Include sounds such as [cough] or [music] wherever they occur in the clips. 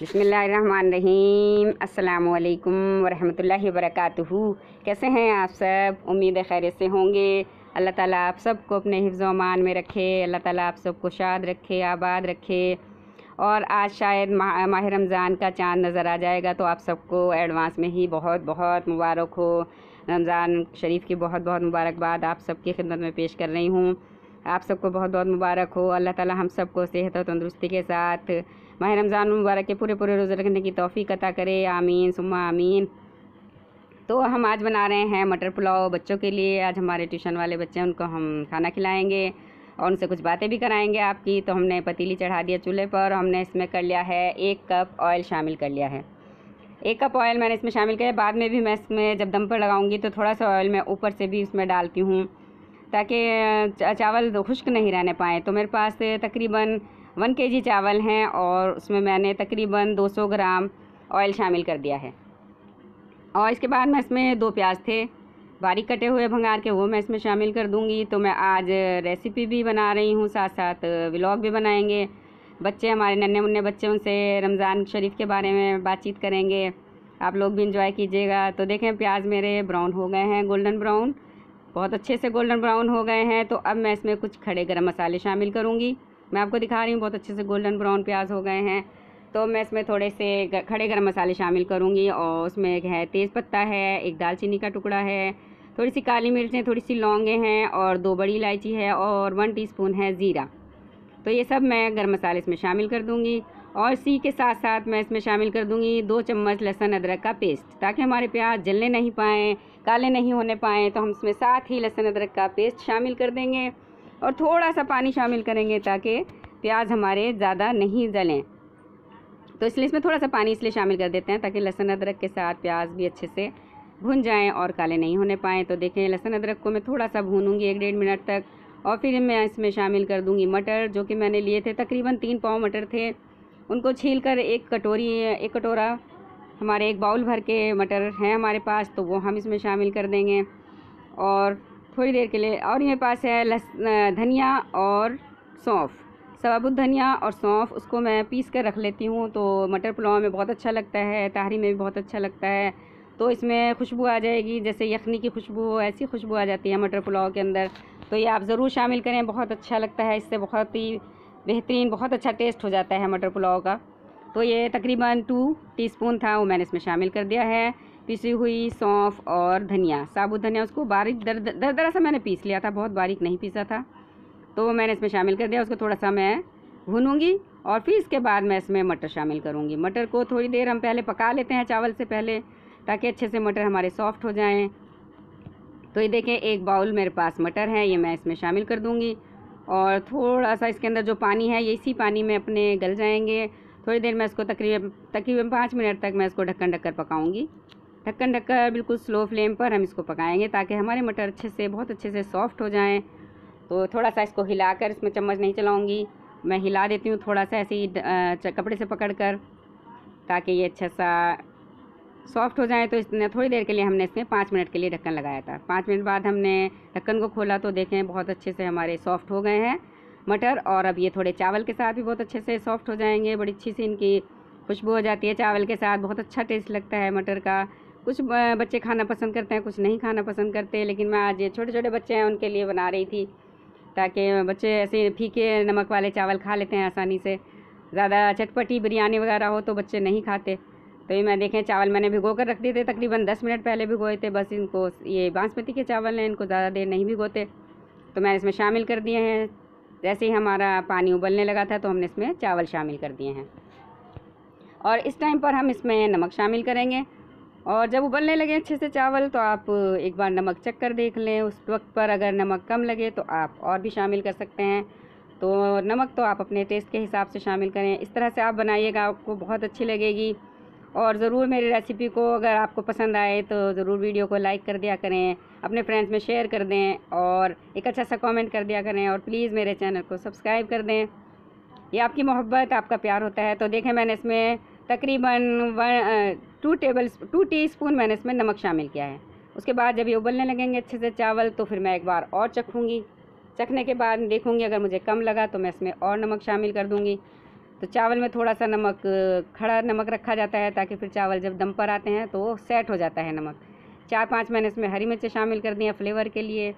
बसमीम अल्लाम वरम् वबरकातुहू कैसे हैं आप सब उम्मीद खैर से होंगे अल्लाह ताला आप सबको अपने हिफ्ज़ अमान में रखे अल्लाह ताला आप सबको शाद रखे आबाद रखे और आज शायद माह, माह रमज़ान का चांद नज़र आ जाएगा तो आप सबको एडवांस में ही बहुत बहुत मुबारक हो रमज़ान शरीफ की बहुत बहुत मुबारकबाद आप सबकी खिदमत में पेश कर रही हूँ आप सबको बहुत बहुत मुबारक हो अल्लाह ताला हम सबको सेहत और तंदुरुस्ती के साथ माह रमज़ान मुबारक के पूरे पूरे रोज़ा रखने की तोफ़ी अता करे आमीन सुमा आमीन तो हम आज बना रहे हैं मटर पुलाव बच्चों के लिए आज हमारे ट्यूशन वाले बच्चे हैं उनको हम खाना खिलाएँगे और उनसे कुछ बातें भी कराएँगे आपकी तो हमने पतीली चढ़ा दिया चूल्हे पर हमने इसमें कर लिया है एक कप ऑयल शामिल कर लिया है एक कप ऑयल मैंने इसमें शामिल किया बाद में भी मैं इसमें जब दम पर लगाऊंगी तो थोड़ा सा ऑयल मैं ऊपर से भी इसमें डालती हूँ ताकि चावल तो खुश्क नहीं रहने पाए तो मेरे पास तकरीबन वन के जी चावल हैं और उसमें मैंने तकरीबन 200 ग्राम ऑयल शामिल कर दिया है और इसके बाद मैं इसमें दो प्याज थे बारीक कटे हुए भंगार के वो मैं इसमें शामिल कर दूंगी तो मैं आज रेसिपी भी बना रही हूँ साथ साथ व्लॉग भी बनाएंगे बच्चे हमारे नन्हे मुन्ने बच्चे उनसे रमज़ान शरीफ के बारे में बातचीत करेंगे आप लोग भी इंजॉय कीजिएगा तो देखें प्याज मेरे ब्राउन हो गए हैं गोल्डन ब्राउन बहुत अच्छे से गोल्डन ब्राउन हो गए हैं तो अब मैं इसमें कुछ खड़े गरम मसाले शामिल करूँगी मैं आपको दिखा रही हूँ बहुत अच्छे से गोल्डन ब्राउन प्याज हो गए हैं तो मैं इसमें थोड़े से खड़े गर्म मसाले शामिल करूँगी और उसमें एक है तेज़पत्ता है एक दालचीनी का टुकड़ा है थोड़ी सी काली मिर्च है थोड़ी सी लौंगे हैं और दो बड़ी इलायची है और वन टीस्पून है ज़ीरा तो ये सब मैं गर्म मसाले इसमें शामिल कर दूँगी और इसी के साथ साथ मैं इसमें शामिल कर दूँगी दो चम्मच लहसुन अदरक का पेस्ट ताकि हमारे प्याज जलने नहीं पाएँ काले नहीं होने पाएँ तो हम इसमें साथ ही लहसुन अदरक का पेस्ट शामिल कर देंगे और थोड़ा सा पानी शामिल करेंगे ताकि प्याज हमारे ज़्यादा नहीं जलें तो इसलिए इसमें थोड़ा सा पानी इसलिए शामिल कर देते हैं ताकि लहसुन अदरक के साथ प्याज भी अच्छे से भुन जाएँ और काले नहीं होने पाएँ तो देखें लहसुन अदरक को मैं थोड़ा सा भूनूंगी एक डेढ़ मिनट तक और फिर मैं इसमें शामिल कर दूंगी मटर जो कि मैंने लिए थे तकरीबन तीन पाव मटर थे उनको छील कर एक कटोरी एक कटोरा हमारे एक बाउल भर के मटर हैं हमारे पास तो वो हम इसमें शामिल कर देंगे और थोड़ी देर के लिए और ये पास है लस धनिया और सौंफ सवाबुद धनिया और सौंफ उसको मैं पीस कर रख लेती हूँ तो मटर पुलाव में बहुत अच्छा लगता है तहरी में भी बहुत अच्छा लगता है तो इसमें खुशबू आ जाएगी जैसे यखनी की खुशबू हो ऐसी खुशबू आ जाती है मटर पुलाव के अंदर तो ये आप ज़रूर शामिल करें बहुत अच्छा लगता है इससे बहुत ही बेहतरीन बहुत अच्छा टेस्ट हो जाता है मटर पुलाव का तो ये तकरीबन टू टीस्पून था वो मैंने इसमें शामिल कर दिया है पिसी हुई सौंफ और धनिया साबुत धनिया उसको बारीक दर दर दरा सा मैंने पीस लिया था बहुत बारीक नहीं पीसा था तो वो मैंने इसमें शामिल कर दिया उसको थोड़ा सा मैं भूनूंगी और फिर इसके बाद मैं इसमें मटर शामिल करूँगी मटर को थोड़ी देर हम पहले पका लेते हैं चावल से पहले ताकि अच्छे से मटर हमारे सॉफ्ट हो जाएँ तो ये देखें एक बाउल मेरे पास मटर है ये मैं इसमें शामिल कर दूँगी और थोड़ा सा इसके अंदर जो पानी है ये इसी पानी में अपने गल जाएंगे थोड़ी देर मैं इसको तकरीबन तकरीबन पाँच मिनट तक मैं इसको ढक्कन ढककर पकाऊंगी ढक्कन ढककर बिल्कुल स्लो फ्लेम पर हम इसको पकाएंगे ताकि हमारे मटर अच्छे से बहुत अच्छे से सॉफ्ट हो जाएं तो थोड़ा सा इसको हिलाकर इसमें चम्मच नहीं चलाऊँगी मैं हिला देती हूँ थोड़ा सा ऐसे ही कपड़े से पकड़ कर ताकि ये अच्छा सा सॉफ्ट हो जाए तो इसने थोड़ी देर के लिए हमने इसमें पाँच मिनट के लिए ढक्कन लगाया था पाँच मिनट बाद हमने ढक्कन को खोला तो देखें बहुत अच्छे से हमारे सॉफ्ट हो गए हैं मटर और अब ये थोड़े चावल के साथ भी बहुत अच्छे से सॉफ्ट हो जाएंगे बड़ी अच्छी सी इनकी खुशबू हो जाती है चावल के साथ बहुत अच्छा टेस्ट लगता है मटर का कुछ बच्चे खाना पसंद करते हैं कुछ नहीं खाना पसंद करते लेकिन मैं आज छोटे छोटे बच्चे हैं उनके लिए बना रही थी ताकि बच्चे ऐसे फीके नमक वाले चावल खा लेते हैं आसानी से ज़्यादा चटपटी बिरयानी वगैरह हो तो बच्चे नहीं खाते तो ये मैं देखें चावल मैंने भिगो कर रख दिए थे तकरीबन दस मिनट पहले भिगोए थे बस इनको ये बासमती के चावल हैं इनको ज़्यादा देर नहीं भिगोते तो मैं इसमें शामिल कर दिए हैं जैसे ही हमारा पानी उबलने लगा था तो हमने इसमें चावल शामिल कर दिए हैं और इस टाइम पर हम इसमें नमक शामिल करेंगे और जब उबलने लगे अच्छे से चावल तो आप एक बार नमक चेक कर देख लें उस वक्त पर अगर नमक कम लगे तो आप और भी शामिल कर सकते हैं तो नमक तो आप अपने टेस्ट के हिसाब से शामिल करें इस तरह से आप बनाइएगा आपको बहुत अच्छी लगेगी और ज़रूर मेरी रेसिपी को अगर आपको पसंद आए तो ज़रूर वीडियो को लाइक कर दिया करें अपने फ्रेंड्स में शेयर कर दें और एक अच्छा सा कमेंट कर दिया करें और प्लीज़ मेरे चैनल को सब्सक्राइब कर दें ये आपकी मोहब्बत आपका प्यार होता है तो देखें मैंने इसमें तकरीबन one two table two teaspoon मैंने इसमें नमक शामिल किया है उसके बाद जब ये उबलने लगेंगे अच्छे से चावल तो फिर मैं एक बार और चखूँगी चखने के बाद देखूँगी अगर मुझे कम लगा तो मैं इसमें और नमक शामिल कर दूँगी तो चावल में थोड़ा सा नमक खड़ा नमक रखा जाता है ताकि फिर चावल जब दम पर आते हैं तो वो सेट हो जाता है नमक चार पाँच मैंने इसमें हरी मिर्चें शामिल कर दी हैं फ्लेवर के लिए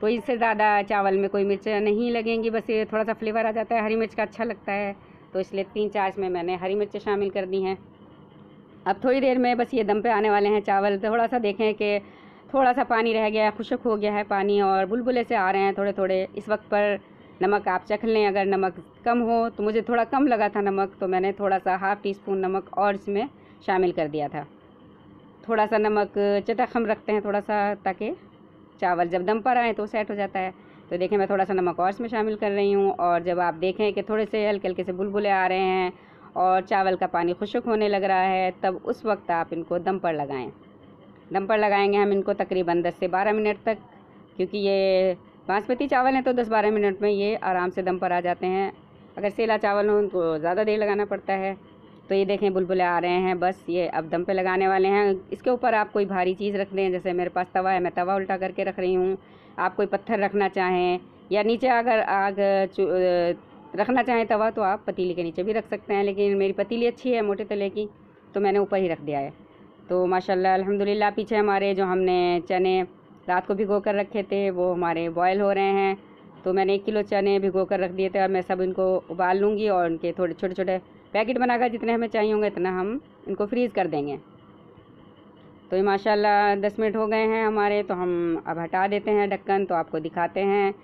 तो इससे ज़्यादा चावल में कोई मिर्च नहीं लगेंगी बस ये थोड़ा सा फ्लेवर आ जाता है हरी मिर्च का अच्छा लगता है तो इसलिए तीन चार इसमें मैंने हरी मिर्चें शामिल कर दी हैं अब थोड़ी देर में बस ये दम पे आने वाले हैं चावल थोड़ा सा देखें कि थोड़ा सा पानी रह गया है खुशक हो गया है पानी और बुलबुले से आ रहे हैं थोड़े थोड़े इस वक्त पर नमक आप चख लें अगर नमक कम हो तो मुझे थोड़ा कम लगा था नमक तो मैंने थोड़ा सा हाफ़ टी स्पून नमक और इसमें शामिल कर दिया था थोड़ा सा नमक चटक हम रखते हैं थोड़ा सा ताकि चावल जब दम पर आए तो सेट हो जाता है तो देखें मैं थोड़ा सा नमक और इसमें शामिल कर रही हूँ और जब आप देखें कि थोड़े से हल्के हल्के से बुलबुले आ रहे हैं और चावल का पानी खुशक होने लग रहा है तब उस वक्त आप इनको दम पर लगाएँ दम पर लगाएँगे हम इनको तकरीबन दस से बारह मिनट तक क्योंकि ये बासमती चावल हैं तो दस बारह मिनट में ये आराम से दम पर आ जाते हैं अगर सेला चावल हो उनको तो ज़्यादा देर लगाना पड़ता है तो ये देखें बुलबुले आ रहे हैं बस ये अब दम पे लगाने वाले हैं इसके ऊपर आप कोई भारी चीज़ रख दें जैसे मेरे पास तवा है मैं तवा उल्टा करके रख रही हूँ आप कोई पत्थर रखना चाहें या नीचे अगर आग रखना चाहें तवा तो आप पतीली के नीचे भी रख सकते हैं लेकिन मेरी पतीली अच्छी है मोटे तले की तो मैंने ऊपर ही रख दिया है तो माशाल्लाह अल्हम्दुलिल्लाह पीछे हमारे जो हमने चने रात को भिगो कर रखे थे वो हमारे बॉयल हो रहे हैं तो मैंने एक किलो चने भिगो कर रख दिए थे और मैं सब इनको उबाल लूँगी और उनके थोड़े छोटे छोटे पैकेट बनाकर जितने हमें चाहिए होंगे इतना हम इनको फ्रीज़ कर देंगे तो ये माशाल्लाह दस मिनट हो गए हैं हमारे तो हम अब हटा देते हैं ढक्कन तो आपको दिखाते हैं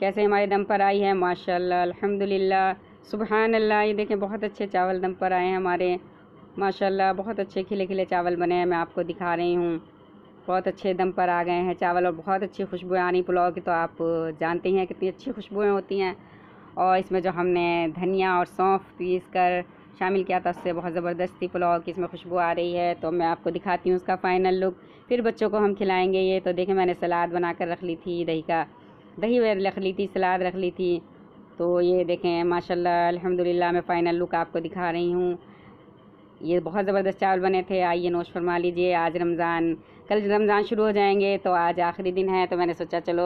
कैसे हमारे दम पर आई है माशाल्लाह अल्हम्दुलिल्लाह सुबहान अल्लाह ये देखें बहुत अच्छे चावल दम पर आए हैं हमारे माशाल्लाह बहुत अच्छे खिले खिले चावल बने हैं मैं आपको दिखा रही हूँ बहुत अच्छे दम पर आ गए हैं चावल और बहुत अच्छी खुशबू आनी पुलाव की तो आप जानते हैं कितनी अच्छी खुशबूएँ होती हैं और इसमें जो हमने धनिया और सौंफ पीस कर शामिल किया था उससे बहुत ज़बरदस्त थी पुलाव की इसमें खुशबू आ रही है तो मैं आपको दिखाती हूँ उसका फ़ाइनल लुक फिर बच्चों को हम खिलाएँगे ये तो देखें मैंने सलाद बना कर रख ली थी दही का दही रख ली थी सलाद रख ली थी तो ये देखें माशाल्लाह अल्हम्दुलिल्लाह मैं फ़ाइनल लुक आपको दिखा रही हूँ ये बहुत ज़बरदस्त चावल बने थे आइए नोश फरमा लीजिए आज रमज़ान कल रमज़ान शुरू हो जाएंगे तो आज आखिरी दिन है तो मैंने सोचा चलो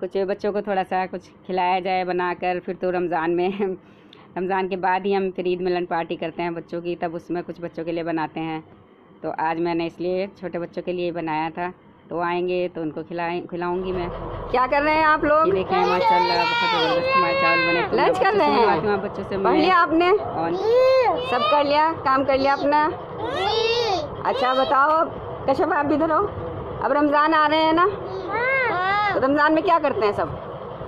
कुछ बच्चों को थोड़ा सा कुछ खिलाया जाए बनाकर फिर तो रमज़ान में [laughs] रमज़ान के बाद ही हम फिर ईद मिलन पार्टी करते हैं बच्चों की तब उसमें कुछ बच्चों के लिए बनाते हैं तो आज मैंने इसलिए छोटे बच्चों के लिए बनाया था तो आएंगे तो उनको खिलाए खिलाऊंगी मैं क्या कर रहे हैं आप लोग देखें तो लंच कर रहे हैं बच्चों से पढ़ लिया आपने सब कर लिया काम कर लिया अपना अच्छा बताओ कश्यप आप इधर तो हो अब रमज़ान आ रहे हैं ना हाँ। तो रमज़ान में क्या करते हैं सब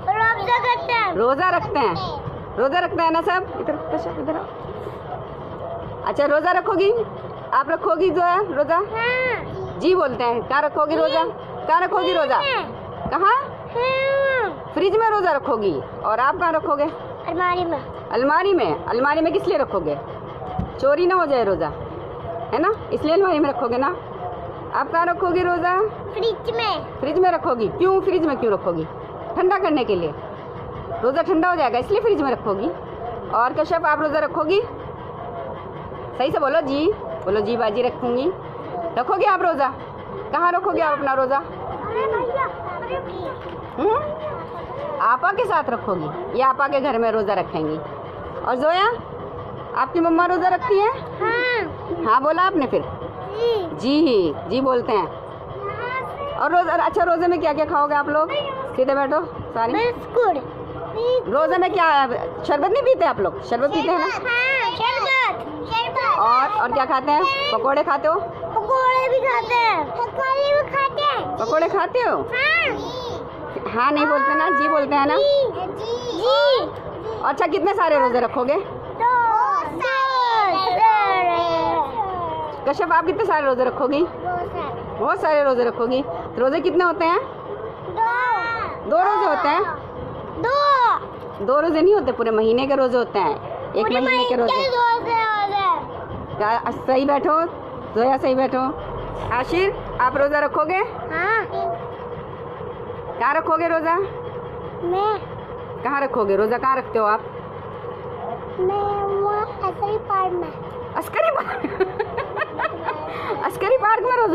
रोजा करते हैं रोज़ा रखते हैं रोज़ा रखते हैं ना सब इधर कश्यप इधर अच्छा रोज़ा रखोगी आप रखोगी जो है रोज़ा हाँ। जी बोलते हैं कहाँ रखोगी रोज़ा कहाँ रखोगी रोज़ा कहाँ हाँ। फ्रिज में रोज़ा रखोगी और आप कहाँ रखोगे अलमारी में अलमारी में अलमारी में किस लिए रखोगे चोरी ना हो जाए रोज़ा है ना इसलिए अलमारी में रखोगे ना आप कहाँ रखोगी रोजा फ्रिज में फ्रिज में रखोगी क्यों फ्रिज में क्यों रखोगी ठंडा करने के लिए रोजा ठंडा हो जाएगा इसलिए फ्रिज में रखोगी और कश्यप आप रोजा रखोगी सही से बोलो जी बोलो जी बाजी रखूंगी रखोगे आप रोजा कहाँ रखोगे आप अपना रोजा हम्म? आपा के साथ रखोगी या आपा के घर में रोजा रखेंगी और जोया आपकी मम्मा रोजा रखती है हाँ, हाँ बोला आपने फिर जी जी जी बोलते हैं और रोज अच्छा रोजे में क्या क्या खाओगे आप लोग सीधे बैठो सारी रोजे में क्या शरबत नहीं पीते आप लोग शरबत पीते हैं ना हाँ, शरबत और और क्या खाते हैं पकोड़े खाते हो पकोड़े भी खाते हैं पकोड़े भी खाते हैं पकोड़े खाते हो हाँ, हाँ नहीं बोलते ना जी बोलते हैं ना जी अच्छा कितने सारे रोजे रखोगे कश्यप आप कितने सारे रोजे रखोगी बहुत सारे रोजे रखोगी तो रोजे कितने होते हैं दो, दो रोजे होते हैं दो दो रोजे नहीं होते पूरे महीने के रोजे होते हैं एक महीने के रोजे सही बैठो जोया सही बैठो आशीर आप रोजा रखोगे हाँ। कहाँ रखोगे रोजा मैं कहाँ रखोगे रोजा कहाँ रखते हो आप मैं ऐसे ही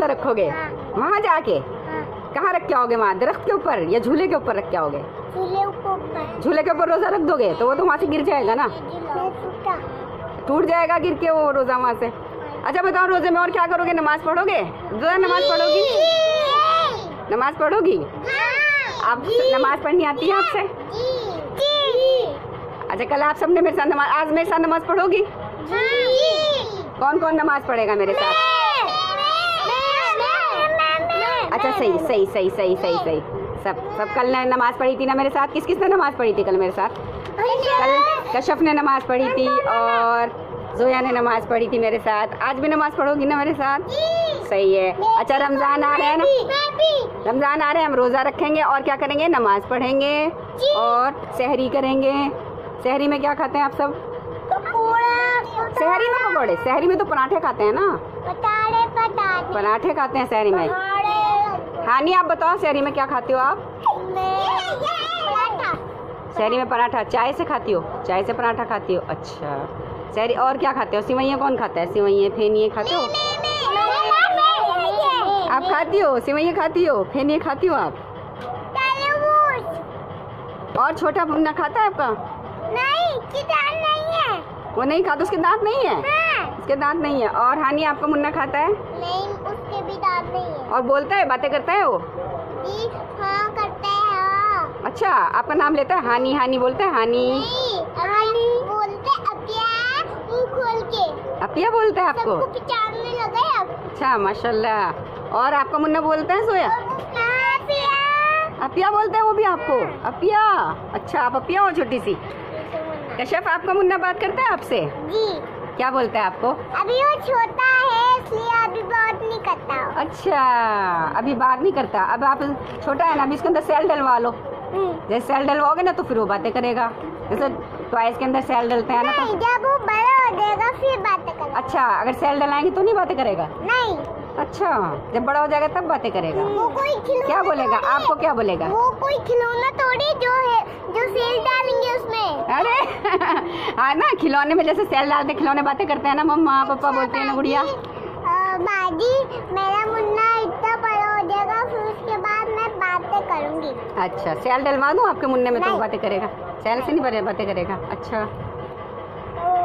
अंदर रखोगे वहाँ जाके कहाँ रख के आओगे वहाँ दरख्त के ऊपर या झूले के ऊपर रख के आओगे झूले के ऊपर रोजा रख दोगे तो वो तो वहाँ से गिर जाएगा ना टूट जाएगा गिर के वो रोजा वहाँ से अच्छा बताओ रोजे में और क्या करोगे नमाज पढ़ोगे जरा नमाज पढ़ोगी नमाज पढ़ोगी हाँ। आप नमाज पढ़नी आती है आपसे अच्छा कल आप सबने मेरे साथ नमाज आज मेरे साथ नमाज पढ़ोगी हाँ। कौन कौन नमाज पढ़ेगा मेरे साथ अच्छा सही सही सही सही सही सही सब सब कल ने नमाज़ पढ़ी थी ना मेरे साथ किस किस ने नमाज़ पढ़ी थी कल मेरे साथ कल कश्यप ने नमाज़ पढ़ी थी और जोया ने नमाज़ पढ़ी थी मेरे साथ आज भी नमाज़ पढ़ोगी ना मेरे साथ सही है अच्छा रमज़ान आ रहा है ना रमज़ान आ रहा है हम रोज़ा रखेंगे और क्या करेंगे नमाज़ पढ़ेंगे और सहरी करेंगे सहरी में क्या खाते हैं आप सब सहरी में पकौड़े सहरी में तो पराठे खाते हैं ना पराठे खाते हैं सहरी में हाँ। हानी आप बताओ शहरी में क्या खाते हो आप शहरी में पराठा चाय से खाती हो चाय से पराठा खाती हो अच्छा शहरी और क्या खाते हो सिवैया कौन खाता है सिवैया फेनिए खाते हो आप खाती हो सिवैया खाती हो फेनिए खाती हो आप और छोटा मुन्ना खाता है आपका नहीं नहीं है वो नहीं खाता उसके दांत नहीं है हाँ। उसके दांत नहीं है और हानि आपका मुन्ना खाता है नहीं और बोलता है बातें करता है वो हाँ करता है हाँ। अच्छा आपका नाम लेता है हानि हानि बोलता है हानी हानि बोलते अपिया खोल के अपिया बोलता है आपको अच्छा माशाल्लाह और आपका मुन्ना बोलता है सोया अपिया बोलते है वो भी आपको अपिया अच्छा आप अपिया हो छोटी सी अच्छा, कश्यप आपका मुन्ना बात करता है आपसे जी क्या बोलता है आपको अभी वो छोटा इसलिए अभी बात नहीं करता अच्छा अभी बात नहीं करता अब आप छोटा है ना अभी इसके अंदर सेल डलवा लो हम्म। जैसे सेल डलवाओगे ना तो फिर वो बातें करेगा जैसे टॉयज के अंदर सेल डलते हैं ना तो जब वो बड़ा हो जाएगा फिर बातें करेगा अच्छा अगर सेल डलाएंगे तो नहीं बातें करेगा नहीं अच्छा जब बड़ा हो जाएगा तब बातें करेगा वो कोई खिलौना क्या बोलेगा आपको क्या बोलेगा वो कोई खिलौना थोड़ी जो है जो सेल डालेंगे उसमें अरे [laughs] हाँ ना खिलौने में जैसे सेल डालते खिलौने बातें करते हैं ना मम्मा पापा अच्छा, बोलते हैं ना गुड़िया बाजी मेरा मुन्ना इतना बड़ा हो जाएगा फिर उसके बाद मैं बातें करूंगी अच्छा सेल डलवा दूँ आपके मुन्ने में तो बातें करेगा सेल से नहीं बातें करेगा अच्छा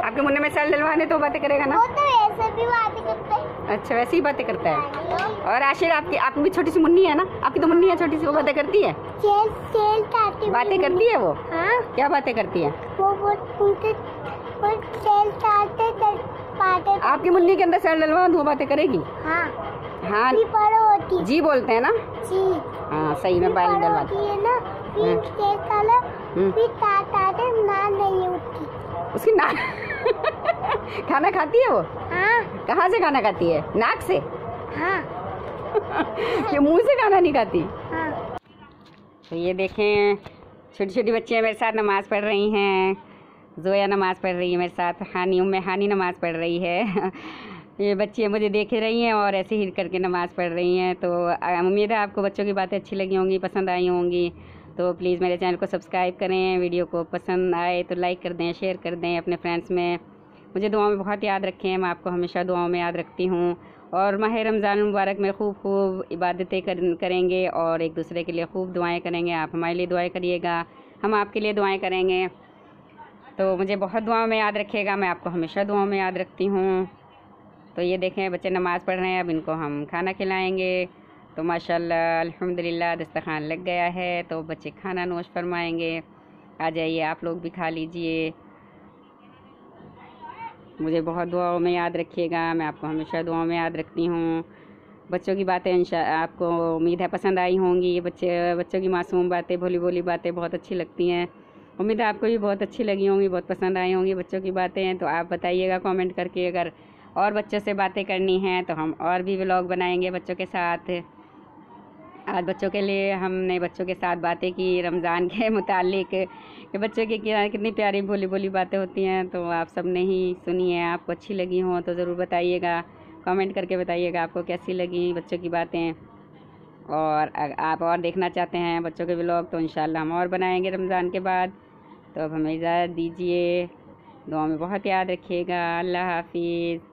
आपके मुन्ने में सेल डलवाने तो बातें करेगा ना वो तो ऐसे भी बातें करते हैं अच्छा वैसे ही बातें करता है हाँ और आशिर आपकी आपकी भी छोटी सी मुन्नी है ना आपकी तो मुन्नी है छोटी सी वो बातें करती है बातें करती है वो हाँ। क्या बातें करती है वो आपकी मुन्नी के अंदर सैर डलवा दो बातें करेगी हाँ हाँ होती जी बोलते हैं ना जी हाँ सही में बाल डलवा हाँ। हाँ। उसकी नाक [laughs] खाना खाती है वो हाँ। कहाँ से खाना खाती है नाक से हाँ। [laughs] ये मुंह से खाना नहीं खाती हाँ। तो ये देखें छोटी छोटी बच्चियाँ मेरे साथ नमाज़ पढ़ रही हैं जोया नमाज़ पढ़ रही है मेरे साथ हानी उम्मे हानी नमाज़ पढ़ रही है [laughs] ये बच्चियाँ मुझे देख रही हैं और ऐसे ही करके नमाज़ पढ़ रही हैं तो उम्मीद है आपको बच्चों की बातें अच्छी लगी होंगी पसंद आई होंगी तो प्लीज़ मेरे चैनल को सब्सक्राइब करें वीडियो को पसंद आए तो लाइक कर दें शेयर कर दें अपने फ्रेंड्स में मुझे दुआओं में बहुत याद रखें मैं आपको हमेशा दुआओं में याद रखती हूँ और माह रमज़ान मुबारक में खूब खूब इबादतें कर, करेंगे और एक दूसरे के लिए खूब दुआएं करेंगे आप हमारे लिए दुआएं करिएगा हम आपके लिए दुआएं करेंगे तो मुझे बहुत दुआओं में याद रखिएगा मैं आपको हमेशा दुआओं में याद रखती हूँ तो ये देखें बच्चे नमाज़ पढ़ रहे हैं अब इनको हम खाना खिलाएँगे तो माशाल्लाह अल्हम्दुलिल्लाह दस्तखान लग गया है तो बच्चे खाना नोश फरमाएंगे आ जाइए आप लोग भी खा लीजिए मुझे बहुत दुआओं में याद रखिएगा मैं आपको हमेशा दुआओं में याद रखती हूँ बच्चों की बातें इंशा आपको उम्मीद है पसंद आई होंगी ये बच्चे बच्चों की मासूम बातें भोली भोली बातें बहुत अच्छी लगती हैं उम्मीद है आपको भी बहुत अच्छी लगी होंगी बहुत पसंद आई होंगी बच्चों की बातें हैं तो आप बताइएगा कमेंट करके अगर और बच्चों से बातें करनी हैं तो हम और भी व्लॉग बनाएंगे बच्चों के साथ आज बच्चों के लिए हमने बच्चों के साथ बातें की रमज़ान के [laughs] मुतालिक कि बच्चों की कितनी प्यारी बोली बोली बातें होती हैं तो आप सब ने ही सुनी है आपको अच्छी लगी हों तो ज़रूर बताइएगा कमेंट करके बताइएगा आपको कैसी लगी बच्चों की बातें और आप और देखना चाहते हैं बच्चों के ब्लॉग तो इन हम और बनाएंगे रमज़ान के बाद तो अब हमें इजाज़त दीजिए दुआ में बहुत याद रखिएगा अल्लाह हाफिज़